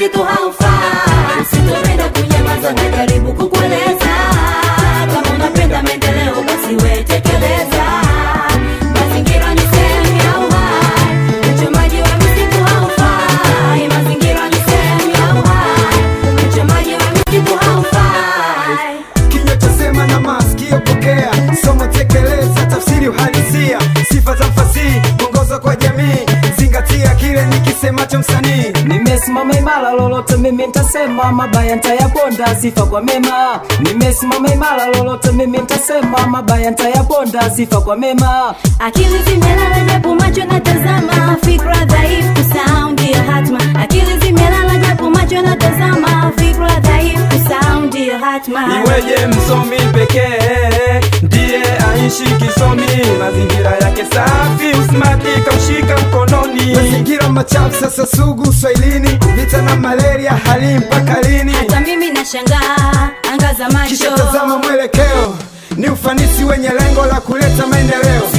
kitu haufai. Sitopenda kunyamaza na jaribu kukueleza. Kama unapenda maendeleo, basi wewe tekeleza. Mazingira ni sehemu ya uhai, uchomaji wa misitu haufai. Mazingira ni sehemu ya uhai, uchomaji wa misitu haufai. Kinywa chasema na masikio pokea, tekeleza, tafsiri uhalisia, sifa za mfasihi, mwongozo kwa jamii, zingatia kile nikisemacho msanii Nimesimama imara, lolote mimi ntasema, mabaya ntayaponda, sifa kwa mema. Nimesimama imara, lolote mimi ntasema, mabaya ntayaponda, sifa kwa mema. Akili zimelala japo macho natazama, fikra dhaifu, saundi ndio hatma. Akili zimelala japo macho natazama, fikra dhaifu, saundi ya hatma. Iweje msomi hajishi kisomi, mazingira yake safi, usmati kamshika mkononi. Mazingira machafu sasa sugu swailini, vita na malaria hali mpaka lini? Hata mimi nashangaa, angaza macho kisha tazama mwelekeo, ni ufanisi wenye lengo la kuleta maendeleo.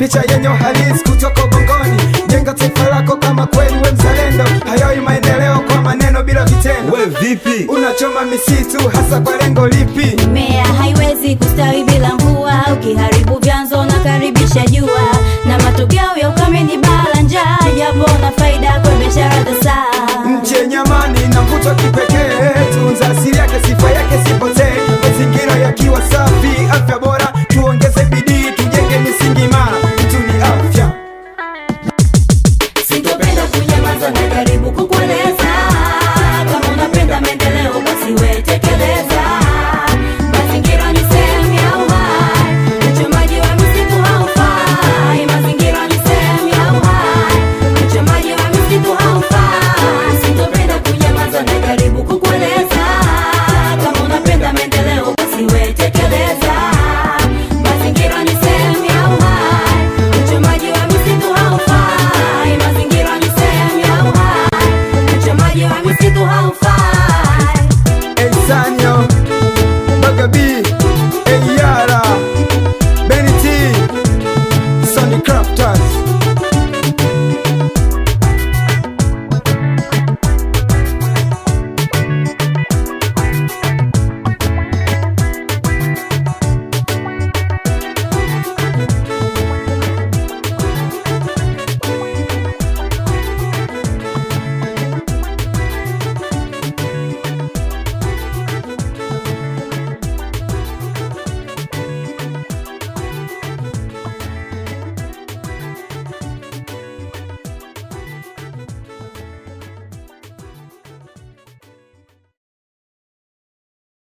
picha yenye uhalisi kutoka ubongoni. Jenga taifa lako kama kweli we mzalendo, hayoi maendeleo kwa maneno bila vitendo. We vipi unachoma misitu hasa kwa lengo lipi? Mimea haiwezi kustawi bila mvua, ukiharibu vyanzo unakaribisha jua, na matokeo ya ukame ni balaa, njaa, japo na faida kwa biashara za saa. Nchi yenye amani na mvuto kipekee